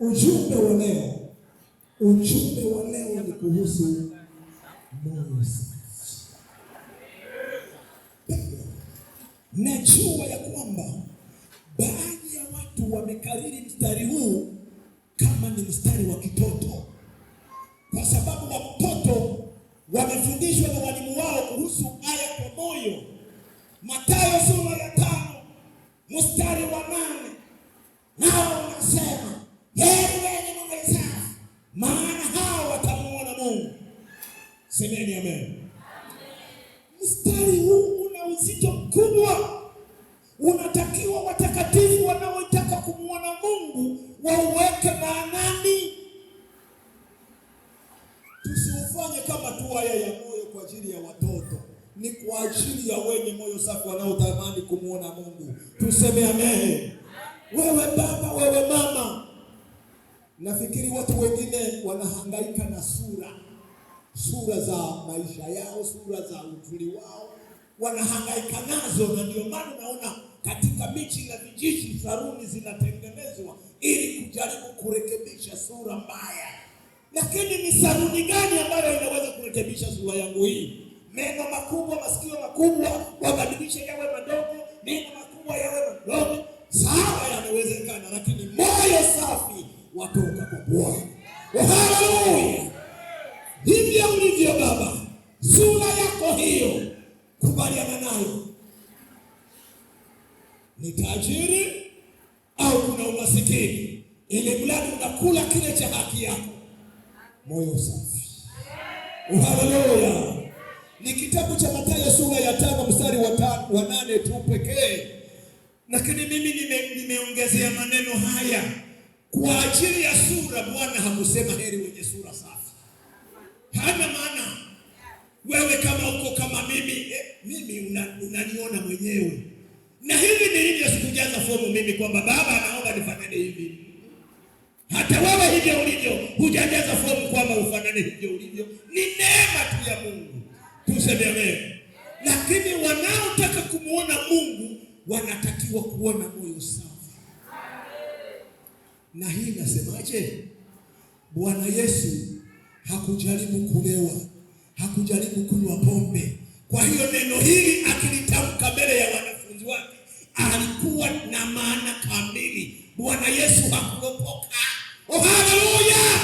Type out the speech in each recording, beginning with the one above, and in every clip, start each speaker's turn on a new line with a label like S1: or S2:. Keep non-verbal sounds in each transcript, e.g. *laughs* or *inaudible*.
S1: Ujumbe wa leo, ujumbe wa leo ni kuhusu Moses. Najua ya kwamba baadhi ya watu wamekariri mstari huu kama ni mstari wa kitoto, kwa sababu watoto wamefundishwa na walimu wao kuhusu aya kwa moyo Mathayo mstari huu una uzito mkubwa. Unatakiwa watakatifu wanaotaka kumwona Mungu wauweke maanani, tusiufanye kama tuwaya ya moyo kwa ajili ya watoto, ni kwa ajili ya wenye moyo safi wanaotamani kumwona Mungu. Tuseme amen. Wewe baba, wewe mama, nafikiri watu wengine wanahangaika na sura sura za maisha yao, sura za uzuri wao wanahangaika nazo, na ndio maana naona katika michi na vijiji saruni zinatengenezwa ili kujaribu kurekebisha sura mbaya. Lakini ni saruni gani ambayo inaweza kurekebisha sura yangu hii? Meno makubwa, masikio makubwa, wabadilishe yawe madogo, meno makubwa yawe madogo, sawa, yanawezekana, lakini moyo safi watoka kwa Bwana. Haleluya! hivyo ulivyo Baba, sura yako hiyo, kubaliana nayo. Ni tajiri au kuna umasikini, ili mradi unakula kile cha haki yako, moyo safi. Haleluya! Ni kitabu cha Mathayo sura ya tano mstari wa nane tu pekee, lakini mimi nimeongezea maneno haya kwa ajili ya sura. Bwana hakusema heri wenye sura safi hana maana. Wewe kama uko kama mimi eh, mimi unaniona una mwenyewe, na hivi hivyo sikujaza fomu mimi kwamba baba anaomba nifanane hivi. Hata wewe hivyo ulivyo hujajaza fomu kwamba ufanane hivyo ulivyo. Ni neema tu ya Mungu, tuseme amen. Lakini wanaotaka kumwona Mungu wanatakiwa kuona moyo safi. Na hii nasemaje? Bwana Yesu hakujaribu kulewa, hakujaribu kunywa pombe. Kwa hiyo neno hili akilitamka mbele ya wanafunzi wake alikuwa na maana kamili. Bwana Yesu hakuokoka. Oh, haleluya!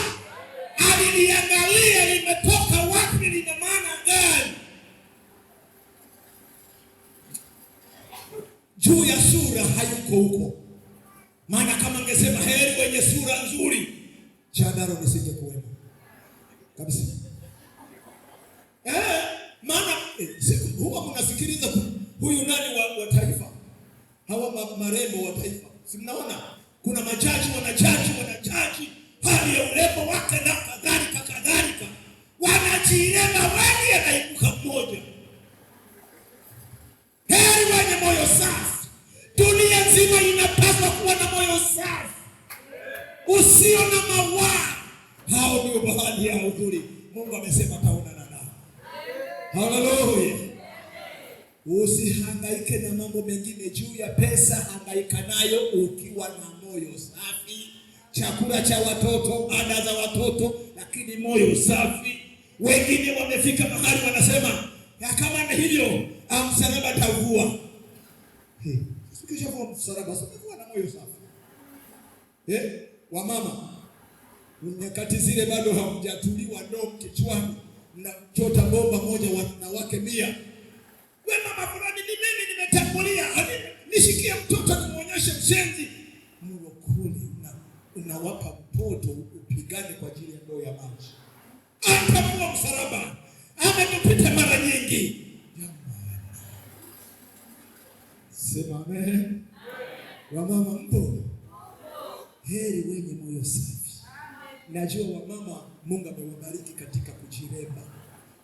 S1: Aliliangalia limetoka wapi, lina maana gani juu ya sura. Hayuko huko, maana kama angesema heri wenye sura nzuri, jadaro nisingekuwepo kabisa. Eh, maana eh, huwa mnasikiliza huyu nani wa, wa taifa hawa marembo wa taifa, si mnaona kuna majaji wanajaji wanajaji hali ya urembo wake na kadhalika kadhalika, wanajiremba wengi anaibuka Mungu amesema ataonana nao. Haleluya! Usihangaike na mambo mengine juu ya pesa, hangaika nayo ukiwa na moyo safi, chakula cha watoto, ada za watoto, lakini moyo safi. Wengine wamefika mahali wanasema ya kama ni hivyo msalaba tavua. Hey, sikisha vua msalaba, sikuvua na moyo safi. Eh, wamama nyakati zile bado hamjatuliwa ndoo kichwani na chota bomba moja wanawake mia. We mama fulani, ni mimi nimetangulia, nishikie mtoto nimwonyeshe mshenzi. Mlokuli unawapa mtoto upigane kwa ajili ya ndoo ya maji, atamua msalaba ametupita mara nyingi. Sema amen. Wamama mpo heri wenye moyo safi Najua wamama Mungu amewabariki katika kujiremba.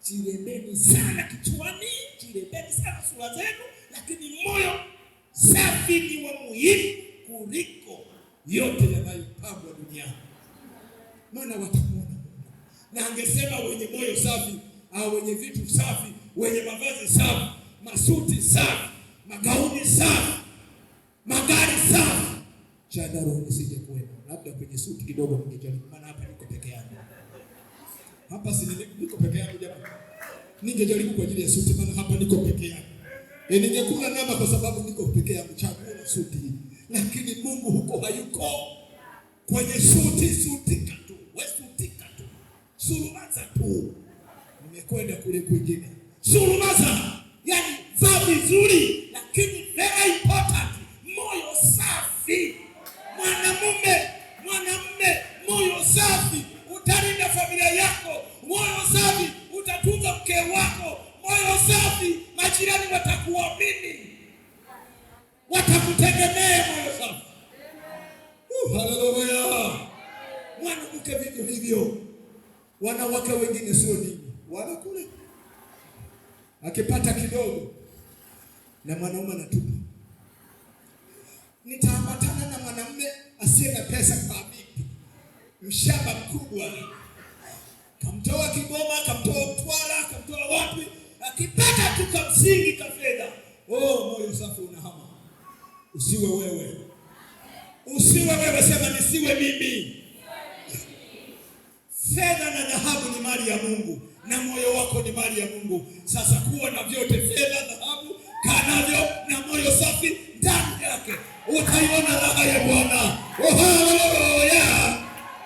S1: Jirembeni sana kichwani, jirembeni sana sura zenu, lakini moyo safi ni wa muhimu kuliko yote yanayopambwa duniani, maana watamwona Mungu. Na angesema wenye moyo safi au wenye vitu safi, wenye mavazi safi, masuti safi, magauni safi, magari chandarua nisije kwenda, labda kwenye suti kidogo ningejaribu, maana hapa niko peke yangu. Hapa si niko peke yangu jamani, ningejaribu kwa ajili ya suti, maana hapa niko peke yangu. E, ningekula nama kwa sababu niko peke yangu, chagua na suti, lakini Mungu huko hayuko kwenye suti. Sutika tu we, sutika tu, surumaza tu. Nimekwenda kule kwingine, surumaza, yani vaa vizuri, lakini very important msiweke vitu hivyo. Wanawake wengine sio dini, wanakula akipata kidogo na mwanaume anatupa. Nitaambatana na mwanamume asiye na pesa kwa bibi, Mshamba mkubwa kamtoa Kigoma, kamtoa Mtwara, kamtoa wapi, akipata tu kamsingi ka fedha. Oh, moyo safi unahama. Usiwe wewe, usiwe wewe, sema nisiwe mimi. Fedha na dhahabu ni mali ya Mungu na moyo wako ni mali ya Mungu. Sasa kuwa na vyote, fedha, dhahabu, kanavyo na moyo safi ndani yake, utaiona raha ya Bwana. Oh, haleluya!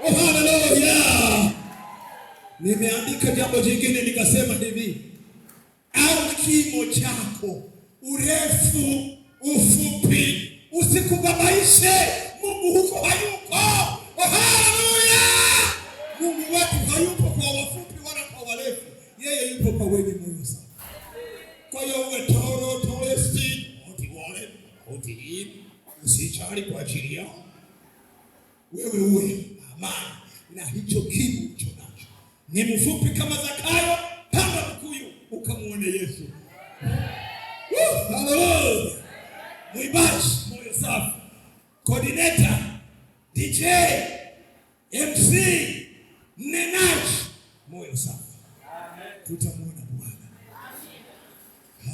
S1: Oh, haleluya! Nimeandika jambo jingine nikasema hivi, au kimo chako, urefu, ufupi, usikubabaishe Mungu, huko hayuko. Oh, usijali kwa ajili yao, wewe uwe amani na hicho kiu ulicho nacho. Ni mfupi kama Zakayo, panda mkuyu ukamwone Yesu. Mwibashi, moyo safi, coordinator, DJ, MC, mnenaji moyo safi, tutamwona Bwana.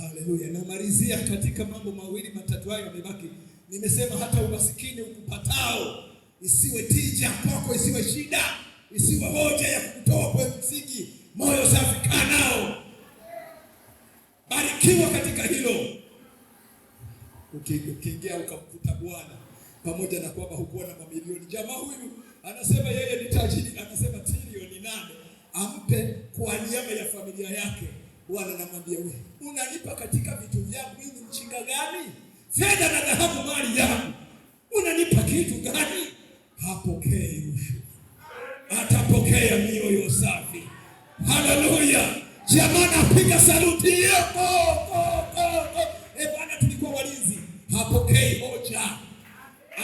S1: Haleluya! Namalizia katika mambo mawili matatu hayo yamebaki. Nimesema hata umasikini ukupatao isiwe tija kwako, isiwe shida, isiwe hoja ya kutoa kwa msingi. Moyo safi kaa nao, barikiwa katika hilo. Ukiingia ukamkuta Bwana pamoja na kwamba hukuwa na mamilioni. Jamaa huyu anasema yeye ni tajiri, anasema trilioni nane ampe kwa niaba ya familia yake. Bwana anamwambia wewe, unalipa katika vitu vyangu, hii ni mchinga gani? fedha na dhahabu mali yangu, unanipa kitu gani? Hapokee rushwa, atapokea mioyo safi. Haleluya! Jamani, apiga saluti hiyo. E eh, bwana, tulikuwa walinzi. Hapokei hoja.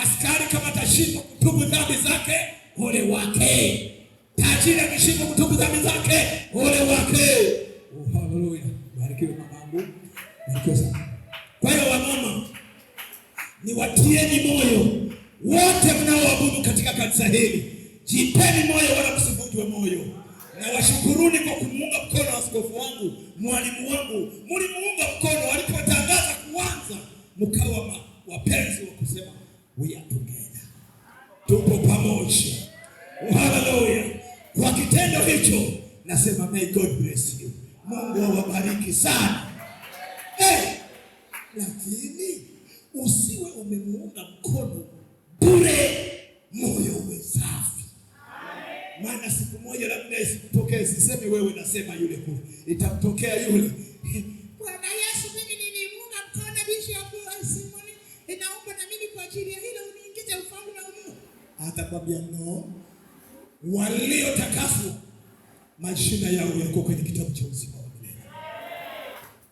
S1: Askari kama atashinda kutubu dhambi zake, ole wake. Tajiri akishindwa kutubu dhambi zake, ole wake. Oh, haleluya, barikiwe mama barikiwe sana. Kwa hiyo niwatieni moyo wote mnaoabudu katika kanisa hili, jipeni moyo wala msivunjwe moyo, na washukuruni kwa kumuunga mkono askofu wangu, mwalimu wangu. Mlimuunga mkono walipotangaza kuanza, mkawa wapenzi wa kusema we are together, tupo pamoja. Haleluya! Kwa kitendo hicho nasema may God bless you, Mungu awabariki sana. Hey, lakini usiwe umemuunga mkono bure, moyo uwe safi. Maana siku moja labda isikutokee, sisemi wewe, nasema yule kule, itamtokea yule *laughs* Bwana Yesu, mimi nilimuunga mkono Bishop Simoni, inaomba na mimi kwa ajili ya hilo uniingize ufalme wa Mungu. Atakwambia no, waliotakaswa majina yao yako kwenye kitabu cha uzima wa milele.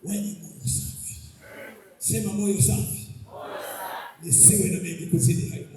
S1: Wenye moyo safi, sema moyo safi desceu e era meio que